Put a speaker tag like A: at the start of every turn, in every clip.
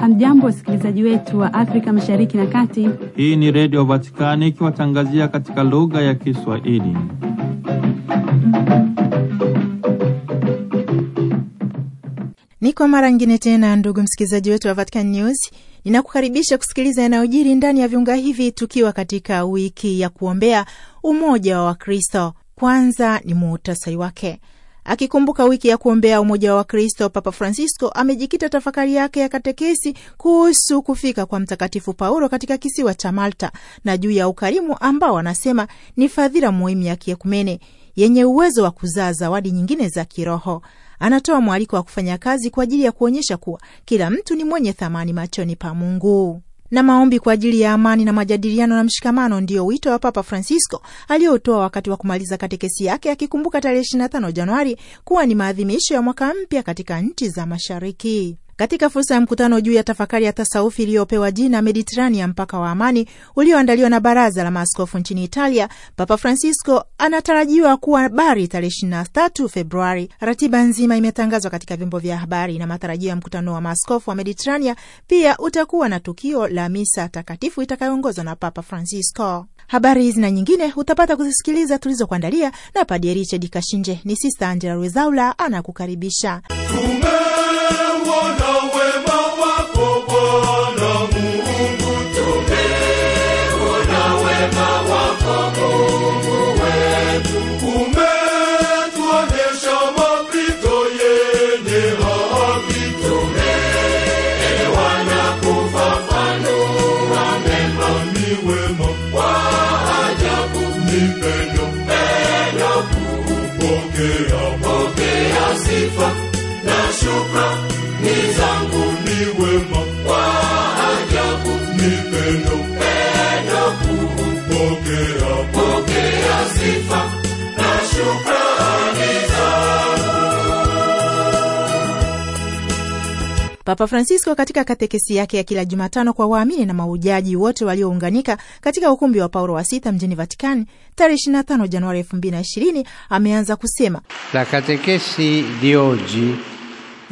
A: Hamjambo, wasikilizaji wetu wa Afrika Mashariki na Kati.
B: Hii ni Redio Vatikani ikiwatangazia katika lugha ya Kiswahili.
A: Ni kwa mara nyingine tena, ndugu msikilizaji wetu wa Vatican News, ninakukaribisha kusikiliza yanayojiri ndani ya viunga hivi, tukiwa katika wiki ya kuombea umoja wa Wakristo. Kwanza ni muhtasari wake. Akikumbuka wiki ya kuombea umoja wa Wakristo, Papa Francisco amejikita tafakari yake ya katekesi kuhusu kufika kwa Mtakatifu Paulo katika kisiwa cha Malta na juu ya ukarimu ambao anasema ni fadhila muhimu ya kiekumene yenye uwezo wa kuzaa zawadi nyingine za kiroho. Anatoa mwaliko wa kufanya kazi kwa ajili ya kuonyesha kuwa kila mtu ni mwenye thamani machoni pa Mungu na maombi kwa ajili ya amani na majadiliano na mshikamano, ndiyo wito wa Papa Francisco aliyotoa wakati wa kumaliza katekesi yake, akikumbuka tarehe 25 Januari kuwa ni maadhimisho ya mwaka mpya katika nchi za Mashariki. Katika fursa ya mkutano juu ya tafakari ya tasaufi iliyopewa jina Mediterania, mpaka wa amani, ulioandaliwa na baraza la maaskofu nchini Italia, Papa Francisco anatarajiwa kuwa Bari tarehe 23 Februari. Ratiba nzima imetangazwa katika vyombo vya habari na matarajio ya mkutano wa maaskofu wa Mediterania pia utakuwa na tukio la misa takatifu itakayoongozwa na Papa Francisco. Habari hizi na nyingine utapata kuzisikiliza tulizokuandalia na Padre Richard Kashinje. Ni Sista Angela Rwezaula anakukaribisha. Papa Francisco katika katekesi yake ya kila Jumatano kwa waamini na maujaji wote waliounganika katika ukumbi wa Paulo wa sita mjini Vatikani tarehe 25 Januari 2020 ameanza kusema,
B: la katekesi di oggi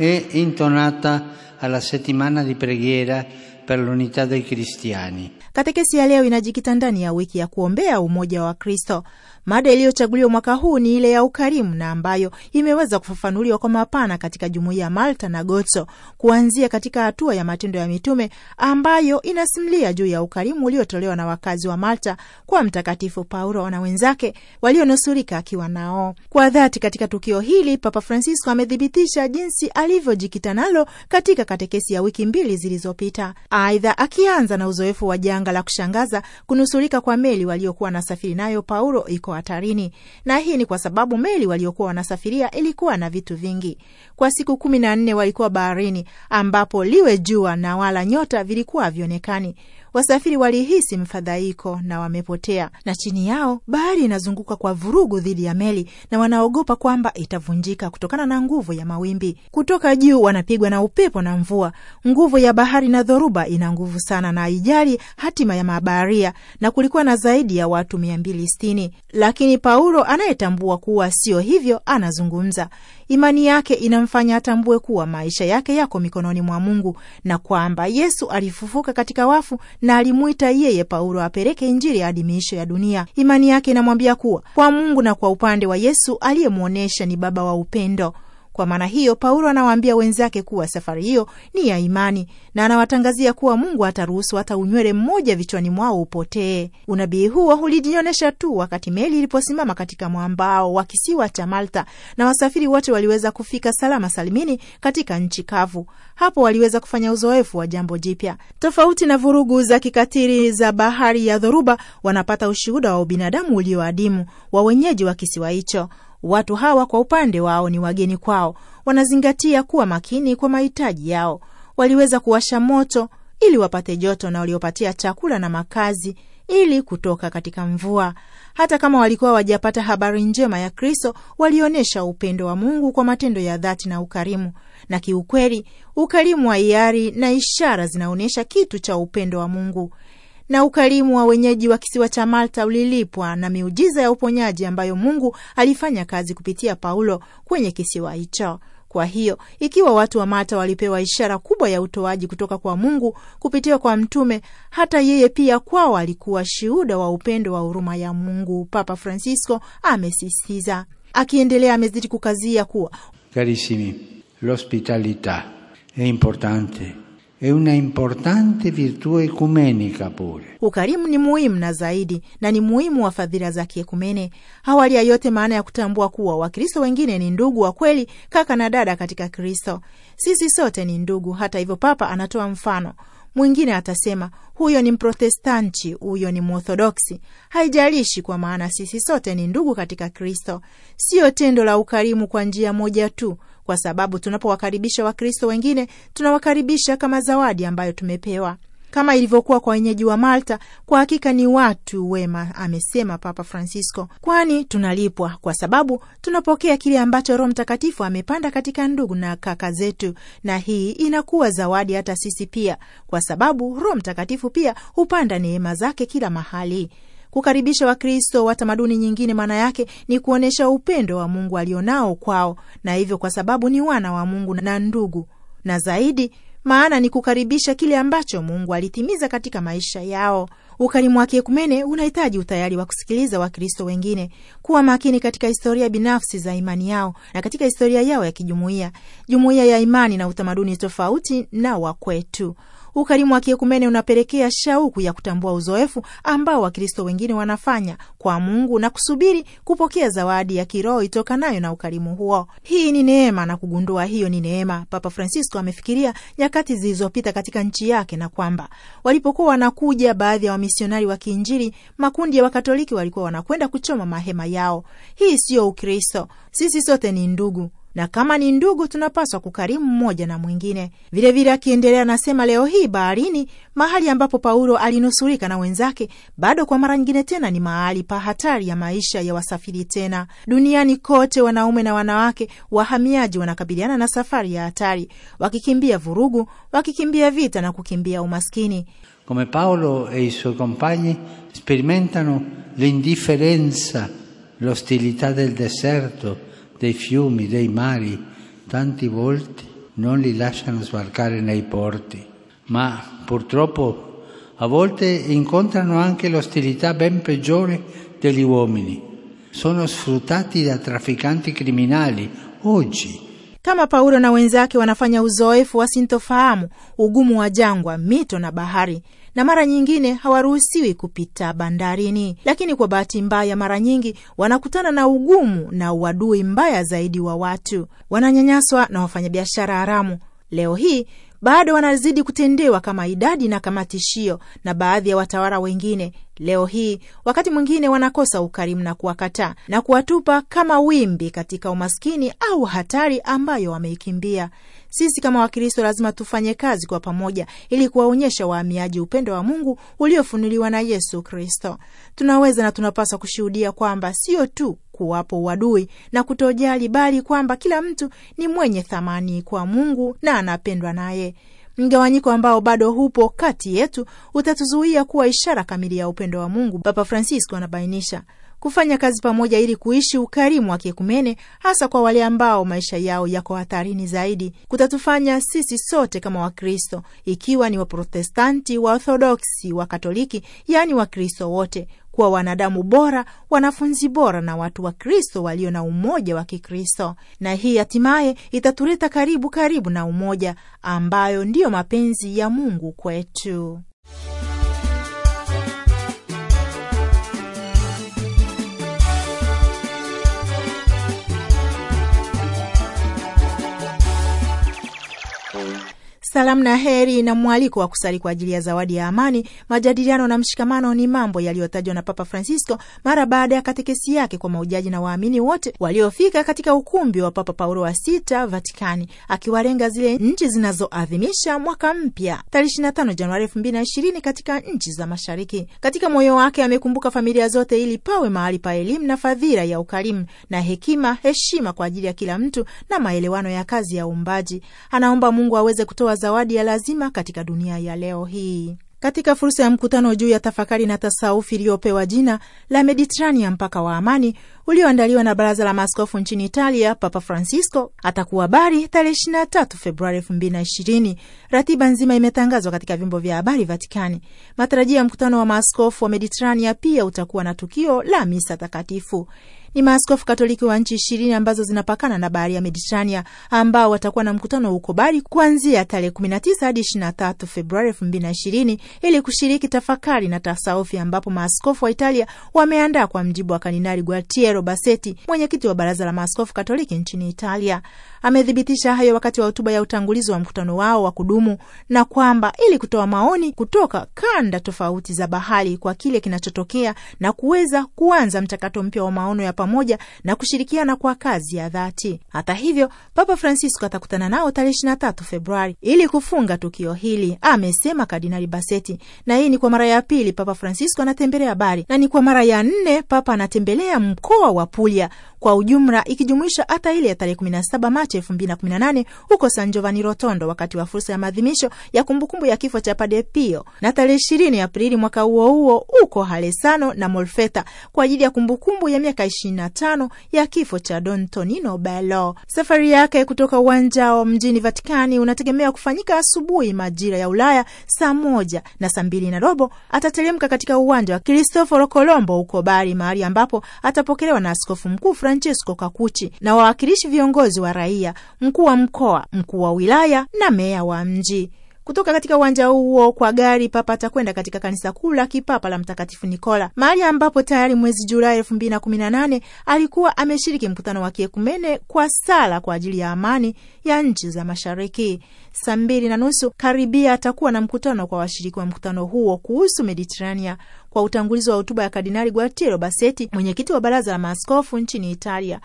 B: e intonata alla settimana di preghiera per l'unità dei cristiani.
A: Katekesi ya leo inajikita ndani ya wiki ya kuombea umoja wa Kristo. Mada iliyochaguliwa mwaka huu ni ile ya ukarimu na ambayo imeweza kufafanuliwa kwa mapana katika jumuiya ya Malta na gotso kuanzia katika hatua ya Matendo ya Mitume ambayo inasimulia juu ya ukarimu uliotolewa na wakazi wa Malta kwa Mtakatifu Paulo na wenzake walionusurika akiwa nao kwa dhati. Katika tukio hili, Papa Francisco amethibitisha jinsi alivyojikita nalo katika katekesi ya wiki mbili zilizopita, aidha akianza na uzoefu wa janga la kushangaza kunusurika kwa meli waliokuwa na safiri nayo Paulo iko hatarini, na hii ni kwa sababu meli waliokuwa wanasafiria ilikuwa na vitu vingi. Kwa siku kumi na nne walikuwa baharini, ambapo liwe jua na wala nyota vilikuwa havionekani. Wasafiri walihisi mfadhaiko na wamepotea, na chini yao bahari inazunguka kwa vurugu dhidi ya meli, na wanaogopa kwamba itavunjika kutokana na nguvu ya mawimbi. Kutoka juu wanapigwa na upepo na mvua. Nguvu ya bahari na dhoruba ina nguvu sana na haijali hatima ya mabaharia, na kulikuwa na zaidi ya watu mia mbili sitini. Lakini Paulo anayetambua kuwa sio hivyo anazungumza. Imani yake inamfanya atambue kuwa maisha yake yako mikononi mwa Mungu na kwamba Yesu alifufuka katika wafu na alimwita yeye Paulo apeleke Injili hadi miisho ya dunia. Imani yake inamwambia kuwa kwa Mungu na kwa upande wa Yesu aliyemwonyesha ni Baba wa upendo kwa maana hiyo, Paulo anawaambia wenzake kuwa safari hiyo ni ya imani, na anawatangazia kuwa Mungu ataruhusu hata unywele mmoja vichwani mwao upotee. Unabii huo ulijionyesha tu wakati meli iliposimama katika mwambao wa kisiwa cha Malta, na wasafiri wote waliweza kufika salama salimini katika nchi kavu. Hapo waliweza kufanya uzoefu wa jambo jipya tofauti na vurugu za kikatili za bahari ya dhoruba. Wanapata ushuhuda wa ubinadamu ulioadimu wa wenyeji wa kisiwa hicho. Watu hawa kwa upande wao ni wageni kwao, wanazingatia kuwa makini kwa mahitaji yao. Waliweza kuwasha moto ili wapate joto na waliopatia chakula na makazi ili kutoka katika mvua. Hata kama walikuwa wajapata habari njema ya Kristo, walionyesha upendo wa Mungu kwa matendo ya dhati na ukarimu. Na kiukweli, ukarimu wa hiari na ishara zinaonyesha kitu cha upendo wa Mungu na ukarimu wa wenyeji wa kisiwa cha Malta ulilipwa na miujiza ya uponyaji ambayo Mungu alifanya kazi kupitia Paulo kwenye kisiwa hicho. Kwa hiyo ikiwa watu wa Malta walipewa ishara kubwa ya utoaji kutoka kwa Mungu kupitia kwa mtume, hata yeye pia kwao alikuwa shuhuda wa upendo wa huruma ya Mungu, Papa Francisco amesisitiza. Akiendelea amezidi kukazia kuwa,
B: carissimi l'ospitalità è importante E una importante virtù pure.
A: Ukarimu ni muhimu na zaidi, na ni muhimu wa fadhila za kiekumene. Awali ya yote, maana ya kutambua kuwa Wakristo wengine ni ndugu wa kweli, kaka na dada katika Kristo. Sisi sote ni ndugu. Hata hivyo, Papa anatoa mfano mwingine atasema huyo ni Mprotestanti, huyo ni Mworthodoksi. Haijalishi, kwa maana sisi sote ni ndugu katika Kristo. Siyo tendo la ukarimu kwa njia moja tu, kwa sababu tunapowakaribisha Wakristo wengine tunawakaribisha kama zawadi ambayo tumepewa kama ilivyokuwa kwa wenyeji wa Malta. Kwa hakika ni watu wema, amesema Papa Francisco, kwani tunalipwa kwa sababu tunapokea kile ambacho Roho Mtakatifu amepanda katika ndugu na kaka zetu, na hii inakuwa zawadi hata sisi pia, kwa sababu Roho Mtakatifu pia hupanda neema zake kila mahali. Kukaribisha Wakristo wa tamaduni nyingine, maana yake ni kuonyesha upendo wa Mungu alionao kwao, na hivyo kwa sababu ni wana wa Mungu na ndugu, na zaidi maana ni kukaribisha kile ambacho Mungu alitimiza katika maisha yao. Ukarimu wa kiekumene unahitaji utayari wa kusikiliza Wakristo wengine, kuwa makini katika historia binafsi za imani yao na katika historia yao ya kijumuiya. Jumuiya ya imani na utamaduni tofauti na wa kwetu Ukarimu wa kiekumene unapelekea shauku ya kutambua uzoefu ambao Wakristo wengine wanafanya kwa Mungu na kusubiri kupokea zawadi ya kiroho itokanayo na ukarimu huo. Hii ni neema, na kugundua hiyo ni neema. Papa Francisco amefikiria nyakati zilizopita katika nchi yake na kwamba walipokuwa wanakuja baadhi ya wamisionari wa kiinjili, makundi ya Wakatoliki walikuwa wanakwenda kuchoma mahema yao. Hii siyo Ukristo. Sisi sote ni ndugu na kama ni ndugu tunapaswa kukarimu mmoja na mwingine vilevile. Akiendelea anasema, leo hii baharini, mahali ambapo Paulo alinusurika na wenzake, bado kwa mara nyingine tena ni mahali pa hatari ya maisha ya wasafiri. Tena duniani kote, wanaume na wanawake wahamiaji wanakabiliana na safari ya hatari, wakikimbia vurugu, wakikimbia vita na kukimbia umaskini.
B: Come Paolo e i suoi compagni sperimentano l'indifferenza l'ostilità del deserto dei fiumi, dei mari, tanti volti non li lasciano sbarcare nei porti, ma purtroppo a volte incontrano anche l'ostilità ben peggiore degli uomini. Sono sfruttati da trafficanti criminali oggi.
A: Kama Paulo na wenzake wanafanya uzoefu wasintofahamu ugumu wa jangwa, mito na bahari. na mara nyingine hawaruhusiwi kupita bandarini, lakini kwa bahati mbaya mara nyingi wanakutana na ugumu na uadui mbaya zaidi wa watu. Wananyanyaswa na wafanyabiashara haramu. Leo hii bado wanazidi kutendewa kama idadi na kama tishio na baadhi ya watawala wengine Leo hii wakati mwingine wanakosa ukarimu na kuwakataa na kuwatupa kama wimbi katika umaskini au hatari ambayo wameikimbia. Sisi kama Wakristo lazima tufanye kazi kwa pamoja ili kuwaonyesha wahamiaji upendo wa Mungu uliofunuliwa na Yesu Kristo. Tunaweza na tunapaswa kushuhudia kwamba sio tu kuwapo uadui na kutojali, bali kwamba kila mtu ni mwenye thamani kwa Mungu na anapendwa naye. Mgawanyiko ambao bado hupo kati yetu utatuzuia kuwa ishara kamili ya upendo wa Mungu, Papa Francisco anabainisha kufanya kazi pamoja ili kuishi ukarimu wa kiekumene, hasa kwa wale ambao maisha yao yako hatarini zaidi, kutatufanya sisi sote kama Wakristo, ikiwa ni Waprotestanti, Waorthodoksi, Wakatoliki, yaani Wakristo wote kuwa wanadamu bora, wanafunzi bora na watu wa Kristo walio na umoja wa Kikristo, na hii hatimaye itatuleta karibu karibu na umoja ambayo ndiyo mapenzi ya Mungu kwetu. Salamu na heri na mwaliko wa kusali kwa ajili ya zawadi ya amani, majadiliano na mshikamano ni mambo yaliyotajwa na Papa Francisco mara baada ya katekesi yake kwa maujaji na waamini wote waliofika katika ukumbi wa Papa Paulo wa Sita, Vatikani, akiwalenga zile nchi zinazoadhimisha mwaka mpya tarehe 25 Januari 2020 katika nchi za Mashariki. Katika moyo wake amekumbuka familia zote ili pawe mahali pa elimu na fadhila ya ukarimu na hekima, heshima kwa ajili ya kila mtu na maelewano ya kazi ya uumbaji. Anaomba Mungu aweze kutoa zawadi ya lazima katika dunia ya leo hii. Katika fursa ya mkutano juu ya tafakari na tasaufi iliyopewa jina la Mediterania, mpaka wa amani, ulioandaliwa na baraza la maaskofu nchini Italia, Papa Francisco atakuwa bari tarehe 23 Februari 2020. Ratiba nzima imetangazwa katika vyombo vya habari Vatikani. Matarajio ya mkutano wa maaskofu wa Mediterania pia utakuwa na tukio la misa takatifu. Ni maaskofu Katoliki wa nchi ishirini ambazo zinapakana na bahari ya Mediterania ambao watakuwa na mkutano huko Bari kuanzia tarehe 19 hadi 23 Februari 2020 ili kushiriki tafakari na tasaufi, ambapo maaskofu wa Italia wameandaa kwa mjibu wa Kardinali Gualtiero Bassetti, mwenyekiti wa baraza la maaskofu Katoliki nchini Italia. Amethibitisha hayo wakati wa hotuba ya utangulizi wa mkutano wao wa kudumu, na kwamba ili kutoa maoni kutoka kanda tofauti za bahari kwa kile kinachotokea na kuweza kuanza mchakato mpya wa maono ya pamoja na kushirikiana kwa kazi ya dhati. Hata hivyo, Papa Francisco atakutana nao tarehe 23 Februari ili kufunga tukio hili, amesema Kardinali Baseti. Na hii ni kwa mara ya pili Papa Francisco anatembelea Bari na ni kwa mara ya nne Papa anatembelea mkoa wa Puglia kwa ujumla ikijumuisha hata ile ya tarehe 17 Machi 2018 huko San Giovanni Rotondo wakati wa fursa ya maadhimisho ya kumbukumbu ya kifo cha Padre Pio na tarehe 20 Aprili mwaka huo huo huko Halesano na Molfeta kwa ajili ya kumbukumbu ya miaka 25 ya kifo cha Don Tonino Bello. Safari yake kutoka uwanja wa mjini Vatikani unategemea kufanyika asubuhi majira ya Ulaya saa moja na saa mbili na robo atateremka katika uwanja wa Cristoforo Colombo huko Bari, mahali ambapo atapokelewa na askofu mkuu Francesco Kakuchi na wawakilishi viongozi wa raia, mkuu wa mkoa, mkuu wa wilaya na meya wa mji. Kutoka katika uwanja huo kwa gari Papa atakwenda katika kanisa kuu la kipapa la Mtakatifu Nikola, mahali ambapo tayari mwezi Julai elfu mbili na kumi na nane alikuwa ameshiriki mkutano wa kiekumene kwa sala kwa ajili ya amani ya nchi za mashariki. Saa mbili na nusu karibia atakuwa na mkutano kwa washiriki wa mkutano huo kuhusu Mediterania kwa utangulizi wa hotuba ya Kardinali Gualtiero baseti mwenyekiti wa baraza la maaskofu nchini Italia.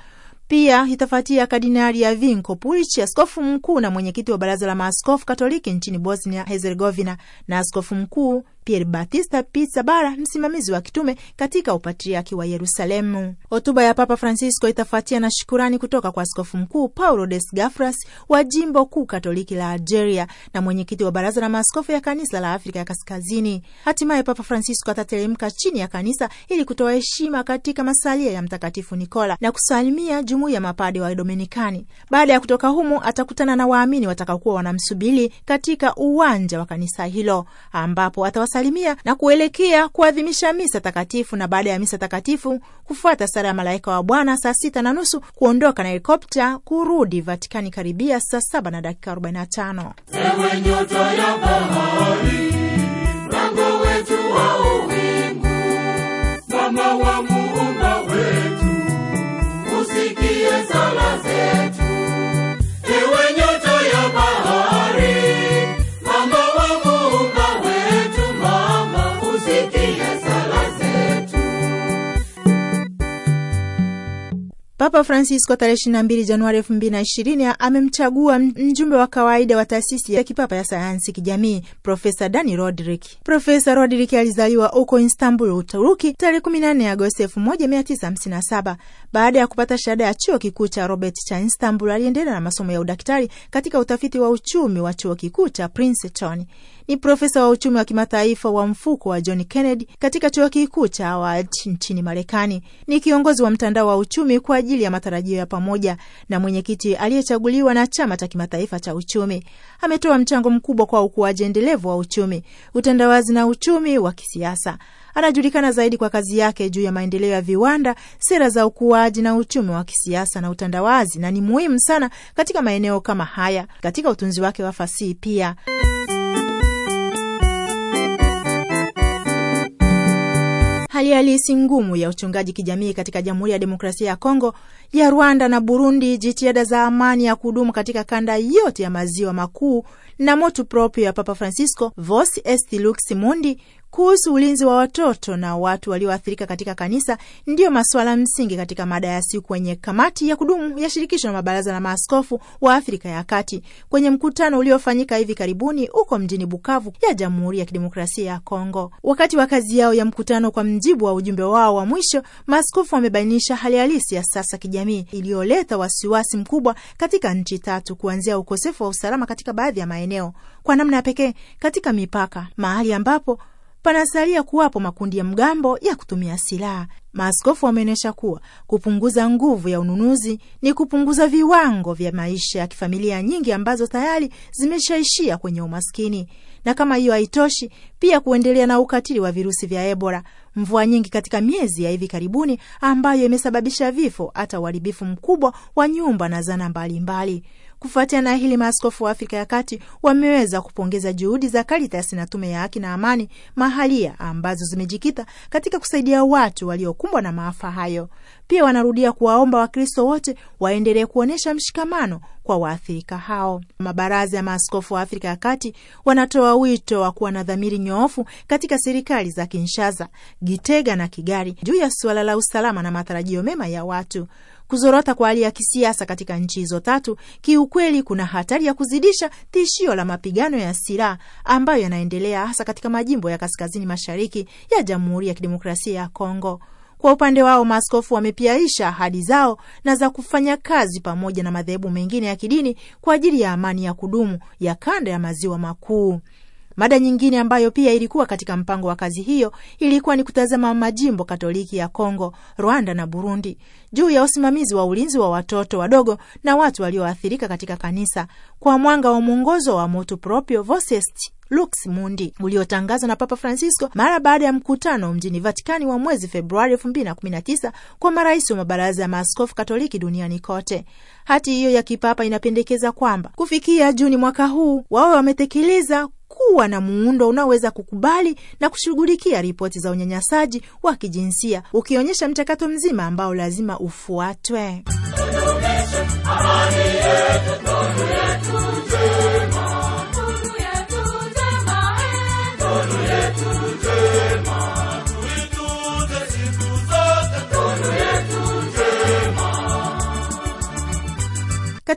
A: Pia itafuatia Kardinali vinko Pulic, askofu mkuu na mwenyekiti wa baraza la maaskofu Katoliki nchini Bosnia Herzegovina, na askofu mkuu Pierre Batista Pizzabara, msimamizi wa kitume katika upatriaki wa Yerusalemu. Hotuba ya Papa Francisco itafuatia na shukurani kutoka kwa askofu mkuu Paulo Gafras wa jimbo kuu katoliki la Algeria na mwenyekiti wa baraza la maaskofu ya kanisa la Afrika ya Kaskazini. Hatimaye Papa Francisco atateremka chini ya kanisa ili kutoa heshima katika masalia ya Mtakatifu Nikola na kusalimia jumuiya ya mapade wa Dominikani. Baada ya kutoka humo, atakutana na waamini watakaokuwa wanamsubiri katika uwanja wa kanisa hilo ambapo atawasa kuwasalimia na kuelekea kuadhimisha misa takatifu, na baada ya misa takatifu kufuata sala ya malaika wa Bwana saa sita na nusu kuondoka na helikopta kurudi Vatikani karibia saa saba na dakika 45
C: mama wa muumba wetu, usikie sala zetu
A: Papa Francisco tarehe 22 Januari 2020 amemchagua mjumbe wa kawaida wa taasisi ya kipapa ya sayansi kijamii Profesa Dani Rodrik. Profesa Rodrik alizaliwa huko Istanbul, Uturuki tarehe 14 Agosti 1957. Baada ya kupata shahada ya chuo kikuu cha Robert cha Istanbul, aliendelea na masomo ya udaktari katika utafiti wa uchumi wa chuo kikuu cha Princeton ni profesa wa uchumi wa kimataifa wa mfuko wa John Kennedy katika chuo kikuu cha Howard nchini Marekani. Ni kiongozi wa mtandao wa uchumi kwa ajili ya matarajio ya pamoja na mwenyekiti aliyechaguliwa na chama cha kimataifa cha uchumi. Ametoa mchango mkubwa kwa ukuaji endelevu wa uchumi, utandawazi na uchumi wa kisiasa. Anajulikana zaidi kwa kazi yake juu ya maendeleo ya viwanda, sera za ukuaji na uchumi wa kisiasa na utandawazi, na ni muhimu sana katika maeneo kama haya katika utunzi wake wa fasihi pia. hali halisi ngumu ya uchungaji kijamii katika Jamhuri ya Demokrasia ya Kongo, ya Rwanda na Burundi, jitihada za amani ya kudumu katika kanda yote ya maziwa makuu na motu propio ya Papa Francisco, Vos est lux mundi, kuhusu ulinzi wa watoto na watu walioathirika katika kanisa ndiyo masuala msingi katika mada ya siku kwenye kamati ya kudumu ya shirikisho la mabaraza na maaskofu wa Afrika ya Kati kwenye mkutano uliofanyika hivi karibuni huko mjini Bukavu ya Jamhuri ya Kidemokrasia ya Kongo. Wakati wa kazi yao ya mkutano, kwa mjibu wa ujumbe wao wa mwisho, maaskofu wamebainisha hali halisi ya sasa kijamii iliyoleta wasiwasi mkubwa katika nchi tatu, kuanzia ukosefu wa usalama katika baadhi ya maeneo, kwa namna ya pekee katika mipaka, mahali ambapo panasalia kuwapo makundi ya mgambo ya kutumia silaha. Maaskofu wameonyesha kuwa kupunguza nguvu ya ununuzi ni kupunguza viwango vya maisha ya kifamilia nyingi ambazo tayari zimeshaishia kwenye umaskini. Na kama hiyo haitoshi, pia kuendelea na ukatili wa virusi vya Ebola, mvua nyingi katika miezi ya hivi karibuni, ambayo imesababisha vifo hata uharibifu mkubwa wa nyumba na zana mbalimbali mbali. Kufuatia na hili, maaskofu wa Afrika ya Kati wameweza kupongeza juhudi za Karitasi na Tume ya Haki na Amani mahalia ambazo zimejikita katika kusaidia watu waliokumbwa na maafa hayo. Pia wanarudia kuwaomba Wakristo wote waendelee kuonyesha mshikamano kwa waathirika hao. Mabaraza ya maaskofu wa Afrika ya Kati wanatoa wito wa kuwa na dhamiri nyoofu katika serikali za Kinshasa, Gitega na Kigali juu ya suala la usalama na matarajio mema ya watu. Kuzorota kwa hali ya kisiasa katika nchi hizo tatu, kiukweli, kuna hatari ya kuzidisha tishio la mapigano ya silaha ambayo yanaendelea hasa katika majimbo ya kaskazini mashariki ya Jamhuri ya Kidemokrasia ya Kongo. Kwa upande wao maaskofu wamepiaisha ahadi zao na za kufanya kazi pamoja na madhehebu mengine ya kidini kwa ajili ya amani ya kudumu ya kanda ya maziwa makuu. Mada nyingine ambayo pia ilikuwa katika mpango wa kazi hiyo ilikuwa ni kutazama majimbo Katoliki ya Kongo, Rwanda na Burundi juu ya usimamizi wa ulinzi wa watoto wadogo na watu walioathirika katika kanisa kwa mwanga wa mwongozo wa motu proprio vocest Lux Mundi uliotangazwa na Papa Francisco mara baada ya mkutano mjini Vatikani wa mwezi Februari 2019 kwa marais wa mabaraza ya maaskofu Katoliki duniani kote. Hati hiyo ya kipapa inapendekeza kwamba kufikia Juni mwaka huu wawe wametekeleza kuwa na muundo unaoweza kukubali na kushughulikia ripoti za unyanyasaji wa kijinsia, ukionyesha mchakato mzima ambao lazima ufuatwe.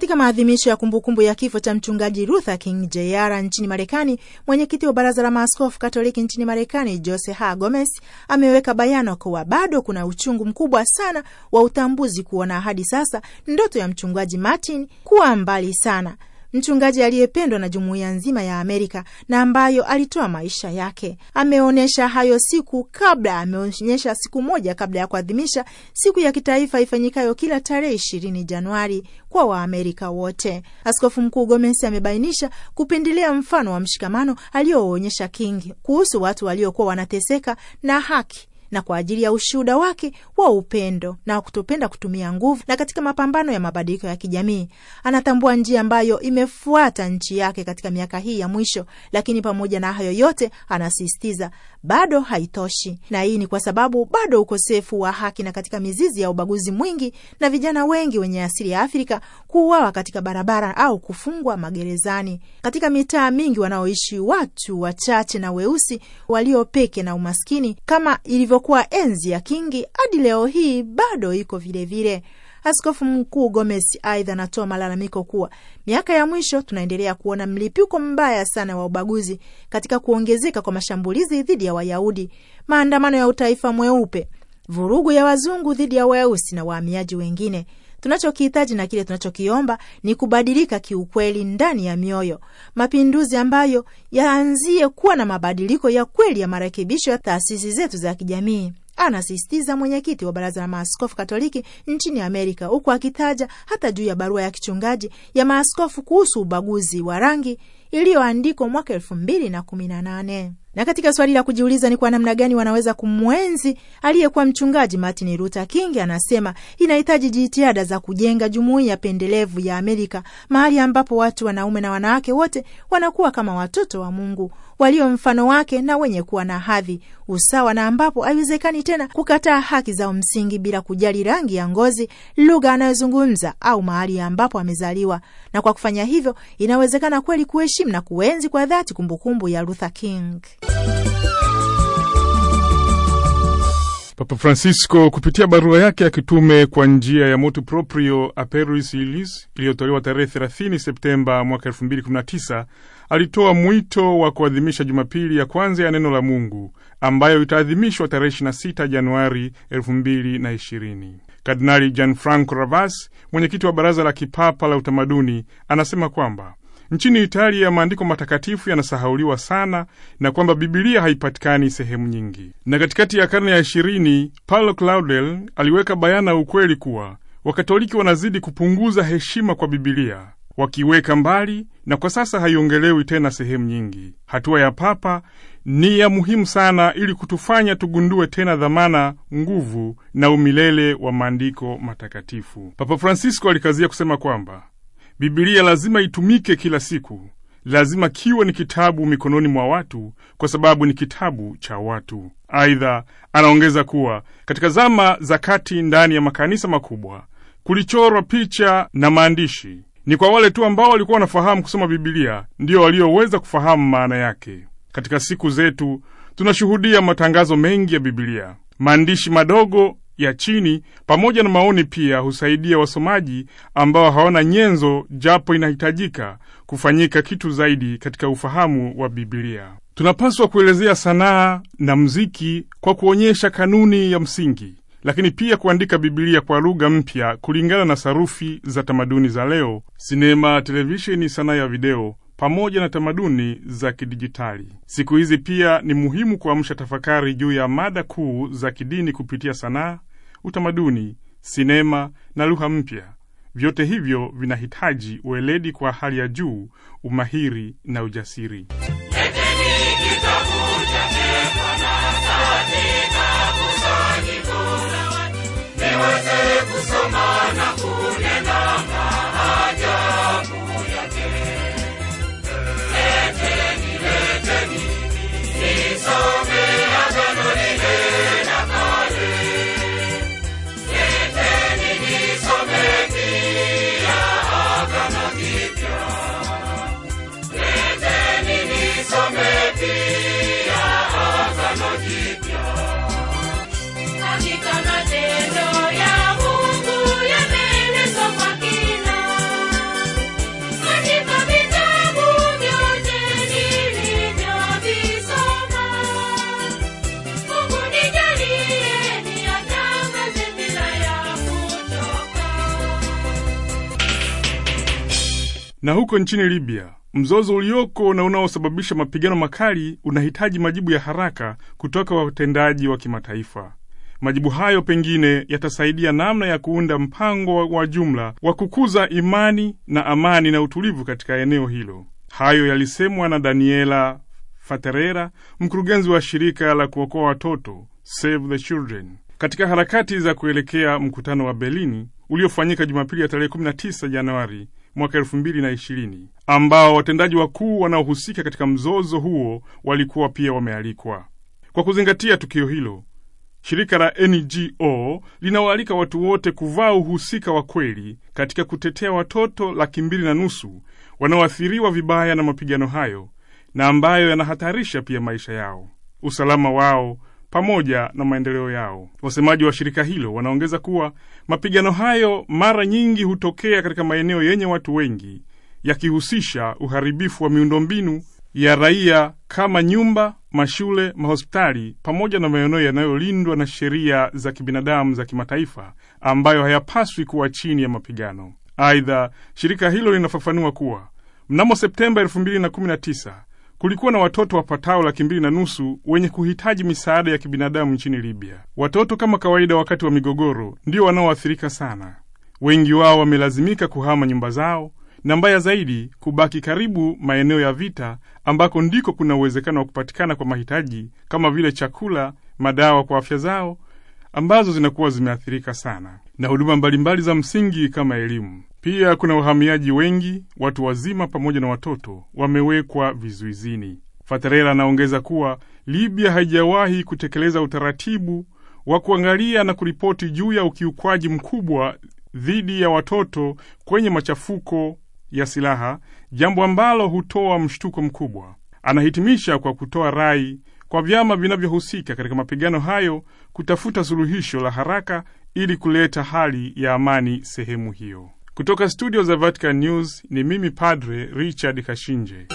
A: Katika maadhimisho ya kumbukumbu ya kifo cha mchungaji Luther King Jr nchini Marekani, mwenyekiti wa baraza la maaskofu Katoliki nchini Marekani Jose Ha Gomez ameweka bayana kuwa bado kuna uchungu mkubwa sana wa utambuzi kuona hadi sasa ndoto ya mchungaji Martin kuwa mbali sana mchungaji aliyependwa na jumuiya nzima ya Amerika na ambayo alitoa maisha yake. Ameonyesha hayo siku kabla, ameonyesha siku moja kabla ya kuadhimisha siku ya kitaifa ifanyikayo kila tarehe ishirini Januari kwa Waamerika wote. Askofu Mkuu Gomes amebainisha kupendelea mfano wa mshikamano aliyoonyesha King kuhusu watu waliokuwa wanateseka na haki na kwa ajili ya ushuhuda wake wa upendo na wakutopenda kutopenda kutumia nguvu, na katika mapambano ya mabadiliko ya kijamii. Anatambua njia ambayo imefuata nchi yake katika miaka hii ya mwisho, lakini pamoja na hayo yote, anasisitiza bado haitoshi, na hii ni kwa sababu bado ukosefu wa haki na katika mizizi ya ubaguzi mwingi, na vijana wengi wenye asili ya Afrika kuuawa katika barabara au kufungwa magerezani. Katika mitaa mingi wanaoishi watu wachache na weusi waliopeke na umaskini, kama ilivyokuwa enzi ya Kingi, hadi leo hii bado iko vilevile vile. Askofu Mkuu Gomes aidha anatoa malalamiko kuwa miaka ya mwisho tunaendelea kuona mlipuko mbaya sana wa ubaguzi katika kuongezeka kwa mashambulizi dhidi ya Wayahudi, maandamano ya utaifa mweupe, vurugu ya wazungu dhidi ya weusi na wahamiaji wengine. Tunachokihitaji na kile tunachokiomba ni kubadilika kiukweli ndani ya mioyo, mapinduzi ambayo yaanzie kuwa na mabadiliko ya kweli ya marekebisho ya taasisi zetu za kijamii anasisitiza mwenyekiti wa baraza la maaskofu Katoliki nchini Amerika, huku akitaja hata juu ya barua ya kichungaji ya maaskofu kuhusu ubaguzi wa rangi iliyoandikwa mwaka elfu mbili na kumi na nane. Na katika swali la kujiuliza ni kwa namna gani wanaweza kumwenzi aliyekuwa mchungaji Martin Luther King, anasema inahitaji jitihada za kujenga jumuiya pendelevu ya Amerika, mahali ambapo watu wanaume na wanawake wote wanakuwa kama watoto wa Mungu walio mfano wake na wenye kuwa na hadhi, usawa, na ambapo haiwezekani tena kukataa haki za msingi bila kujali rangi ya ngozi, lugha anayozungumza au mahali ambapo amezaliwa. Na kwa kufanya hivyo, inawezekana kweli kuheshimu na kuenzi kwa dhati kumbukumbu ya Luther King.
D: Papa Francisco kupitia barua yake ya kitume kwa njia ya motu proprio aperis ilis iliyotolewa tarehe 30 Septemba mwaka 2019 alitoa mwito wa kuadhimisha Jumapili ya kwanza ya neno la Mungu ambayo itaadhimishwa tarehe 26 Januari 2020. Kardinali Gianfranco Ravas, mwenyekiti wa Baraza la Kipapa la Utamaduni, anasema kwamba Nchini Italia maandiko matakatifu yanasahauliwa sana na kwamba Bibilia haipatikani sehemu nyingi. Na katikati ya karne ya ishirini Paulo Claudel aliweka bayana ukweli kuwa Wakatoliki wanazidi kupunguza heshima kwa Bibilia, wakiweka mbali na kwa sasa haiongelewi tena sehemu nyingi. Hatua ya Papa ni ya muhimu sana ili kutufanya tugundue tena dhamana, nguvu na umilele wa maandiko matakatifu. Papa Francisco alikazia kusema kwamba Biblia lazima itumike kila siku, lazima kiwe ni kitabu mikononi mwa watu, kwa sababu ni kitabu cha watu. Aidha, anaongeza kuwa katika zama za kati, ndani ya makanisa makubwa kulichorwa picha na maandishi. Ni kwa wale tu ambao walikuwa wanafahamu kusoma Biblia ndiyo walioweza kufahamu maana yake. Katika siku zetu tunashuhudia matangazo mengi ya Biblia, maandishi madogo ya chini pamoja na maoni pia husaidia wasomaji ambao hawana nyenzo, japo inahitajika kufanyika kitu zaidi katika ufahamu wa Biblia. Tunapaswa kuelezea sanaa na mziki kwa kuonyesha kanuni ya msingi, lakini pia kuandika Biblia kwa lugha mpya kulingana na sarufi za tamaduni za leo, sinema, televisheni, sanaa ya video pamoja na tamaduni za kidijitali. Siku hizi pia ni muhimu kuamsha tafakari juu ya mada kuu za kidini kupitia sanaa, utamaduni, sinema na lugha mpya. Vyote hivyo vinahitaji ueledi kwa hali ya juu, umahiri na ujasiri. Na huko nchini Libya, mzozo ulioko na unaosababisha mapigano makali unahitaji majibu ya haraka kutoka watendaji wa kimataifa. Majibu hayo pengine yatasaidia namna ya kuunda mpango wa jumla wa kukuza imani na amani na utulivu katika eneo hilo. Hayo yalisemwa na Daniela Faterera, mkurugenzi wa shirika la kuokoa watoto Save the Children, katika harakati za kuelekea mkutano wa Berlini uliofanyika Jumapili ya tarehe 19 Januari mwaka elfu mbili na ishirini ambao watendaji wakuu wanaohusika katika mzozo huo walikuwa pia wamealikwa. Kwa kuzingatia tukio hilo, shirika la NGO linawaalika watu wote kuvaa uhusika wa kweli katika kutetea watoto laki mbili na nusu wanaoathiriwa vibaya na mapigano hayo na ambayo yanahatarisha pia maisha yao, usalama wao pamoja na maendeleo yao. Wasemaji wa shirika hilo wanaongeza kuwa mapigano hayo mara nyingi hutokea katika maeneo yenye watu wengi, yakihusisha uharibifu wa miundombinu ya raia kama nyumba, mashule, mahospitali pamoja na maeneo yanayolindwa na sheria za kibinadamu za kimataifa ambayo hayapaswi kuwa chini ya mapigano. Aidha, shirika hilo linafafanua kuwa mnamo Septemba Kulikuwa na watoto wapatao laki mbili na nusu wenye kuhitaji misaada ya kibinadamu nchini Libya. Watoto kama kawaida, wakati wa migogoro, ndio wanaoathirika sana. Wengi wao wamelazimika kuhama nyumba zao na mbaya zaidi, kubaki karibu maeneo ya vita, ambako ndiko kuna uwezekano wa kupatikana kwa mahitaji kama vile chakula, madawa kwa afya zao ambazo zinakuwa zimeathirika sana na huduma mbalimbali za msingi kama elimu. Pia kuna wahamiaji wengi, watu wazima pamoja na watoto wamewekwa vizuizini. Fatarela anaongeza kuwa Libya haijawahi kutekeleza utaratibu wa kuangalia na kuripoti juu ya ukiukwaji mkubwa dhidi ya watoto kwenye machafuko ya silaha, jambo ambalo hutoa mshtuko mkubwa. Anahitimisha kwa kutoa rai kwa vyama vinavyohusika katika mapigano hayo kutafuta suluhisho la haraka ili kuleta hali ya amani sehemu hiyo. Kutoka studio za Vatican News ni mimi Padre Richard Kashinje.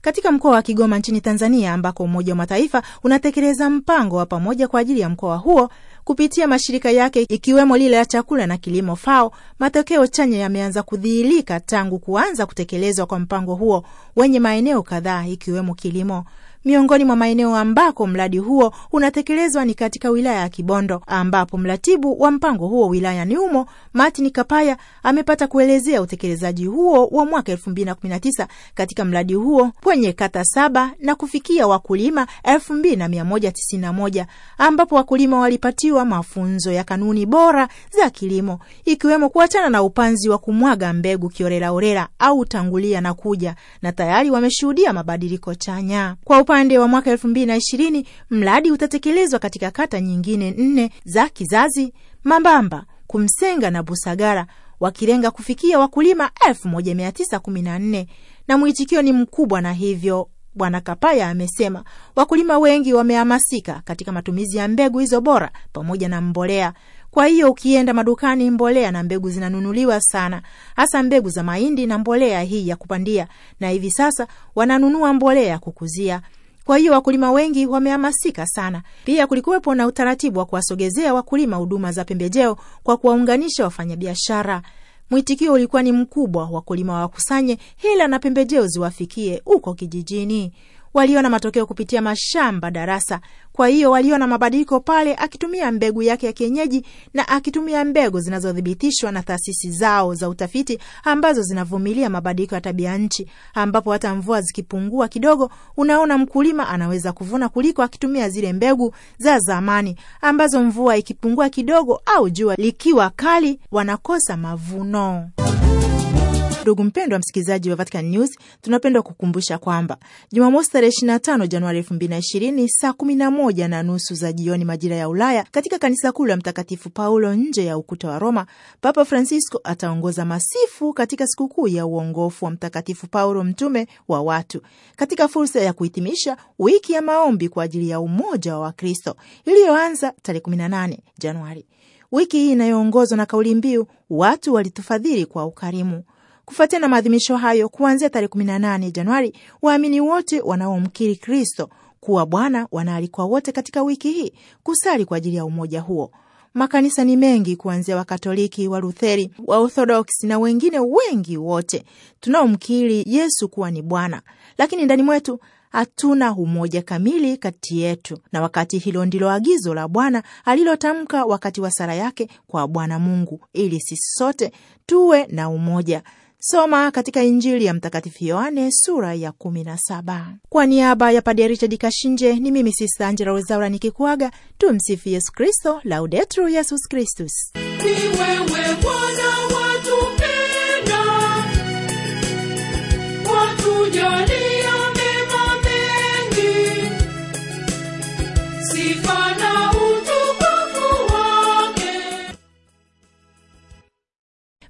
A: Katika mkoa wa Kigoma nchini Tanzania, ambako Umoja wa Mataifa unatekeleza mpango wa pamoja kwa ajili ya mkoa huo kupitia mashirika yake ikiwemo lile ya chakula na kilimo FAO, matokeo chanya yameanza kudhihirika tangu kuanza kutekelezwa kwa mpango huo wenye maeneo kadhaa ikiwemo kilimo. Miongoni mwa maeneo ambako mradi huo unatekelezwa ni katika wilaya ya Kibondo, ambapo mratibu wa mpango huo wilayani humo Martin Kapaya amepata kuelezea utekelezaji huo wa mwaka elfu mbili na kumi na tisa katika mradi huo kwenye kata saba na kufikia wakulima elfu mbili na mia moja tisini na moja ambapo wakulima walipatiwa mafunzo ya kanuni bora za kilimo ikiwemo kuachana na upanzi wa kumwaga mbegu kiorelaorela au tangulia na kuja, na tayari wameshuhudia mabadiliko chanya kwa upande wa mwaka elfu mbili na ishirini mradi utatekelezwa katika kata nyingine nne za Kizazi, Mambamba, Kumsenga na Busagara, wakilenga kufikia wakulima elfu moja mia tisa kumi na nne na mwitikio ni mkubwa, na hivyo Bwana Kapaya amesema wakulima wengi wamehamasika katika matumizi ya mbegu hizo bora pamoja na mbolea. Kwa hiyo ukienda madukani, mbolea na mbegu zinanunuliwa sana, hasa mbegu za mahindi na mbolea hii ya kupandia, na hivi sasa wananunua mbolea ya kukuzia. Kwa hiyo wakulima wengi wamehamasika sana. Pia kulikuwepo na utaratibu wa kuwasogezea wakulima huduma za pembejeo kwa kuwaunganisha wafanyabiashara. Mwitikio ulikuwa ni mkubwa, wakulima wakusanye hela na pembejeo ziwafikie huko kijijini waliona matokeo kupitia mashamba darasa. Kwa hiyo waliona mabadiliko pale, akitumia mbegu yake ya kienyeji na akitumia mbegu zinazothibitishwa na taasisi zao za utafiti ambazo zinavumilia mabadiliko ya tabia nchi, ambapo hata mvua zikipungua kidogo, unaona mkulima anaweza kuvuna kuliko akitumia zile mbegu za zamani ambazo mvua ikipungua kidogo au jua likiwa kali, wanakosa mavuno. Ndugu mpendwa msikilizaji wa Vatican News, tunapenda kukumbusha kwamba Jumamosi tarehe 25 Januari 2020 saa 11 na nusu za jioni majira ya Ulaya, katika kanisa kuu la Mtakatifu Paulo nje ya ukuta wa Roma, Papa Francisco ataongoza masifu katika sikukuu ya uongofu wa Mtakatifu Paulo mtume wa watu, katika fursa ya kuhitimisha wiki ya maombi kwa ajili ya umoja wa Wakristo iliyoanza tarehe 18 Januari. Wiki hii inayoongozwa na kauli mbiu watu walitufadhili kwa ukarimu. Kufuatia na maadhimisho hayo, kuanzia tarehe 18 Januari, waamini wote wanaomkiri Kristo kuwa Bwana wanaalikwa wote katika wiki hii kusali kwa ajili ya umoja huo. Makanisa ni mengi kuanzia Wakatoliki, Walutheri, Waorthodoksi na wengine wengi wote tunaomkiri Yesu kuwa ni Bwana, lakini ndani mwetu hatuna umoja kamili kati yetu, na wakati hilo ndilo agizo la Bwana alilotamka wakati wa sala yake kwa Bwana Mungu, ili sisi sote tuwe na umoja. Soma katika Injili ya Mtakatifu Yohane sura ya 17. Kwa niaba ya Padre Richard Kashinje, ni mimi Sista Angela Wezaura nikikuaga. Tumsifu Yesu Kristo, Laudetur Yesus Kristus.